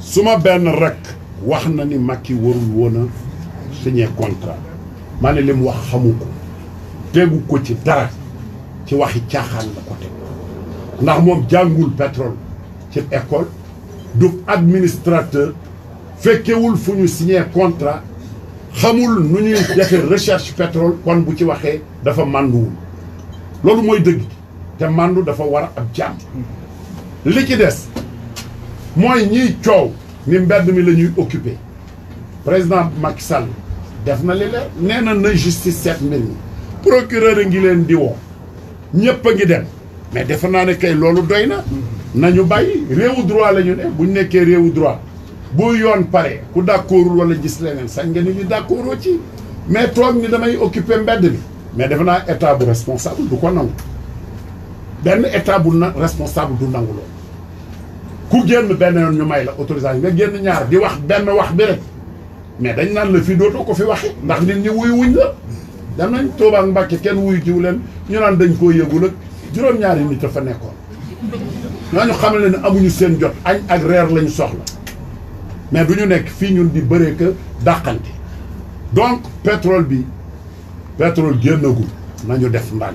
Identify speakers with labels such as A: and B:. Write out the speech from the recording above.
A: suma benn rek wax na ni mag ki warul woon a signé contrat maa ne li wax xamu ko déggu ko ci dara ci waxi caaxaan la ko teg ndax moom jànguwul pétrole ci école du administrateur fekkewul fu ñu signé contrat xamul nu ñuy defee recherche pétrole kon bu ci waxee dafa mànduwul loolu mooy dëgg te màndu dafa war a ab jàmm li ci des mooy ñiy coow ni mbedd mi la ñuy occupé président Macky Sall def na li la nee na na justice seet mbir ñi procureur a ngi leen di woo ñëpp a ngi dem mais defe naa ne kay loolu doy na nañu bàyyi réewu droit la ñu ne buñ nekkee réewu droit bu yoon pare ku d'accordul wala gis leneen sañ nga ni li d'accordoo ci mais toog ni damay occupé mbedd bi mais defe naa état bu responsable du ko nangu benn état bu na responsable du nangu loolu ku génn benn yoon ñu may la autorisation nga génn ñaar di wax benn wax bi rek mais dañ naan la fii dootoo ko fi waxi ndax nit ñi wuyu wuñ la dem nañ Tuuba ak Mbàkke kenn wuyu jiw leen ñu naan dañ koo yëgul ak juróom-ñaari nit a fa nekkoon ñooñu xamal leen ne amuñu seen jot añ ak reer lañu soxla mais du ñu nekk fii ñun di bëree que dàqante donc pétrole bi pétrole génnagul nañu def ndànk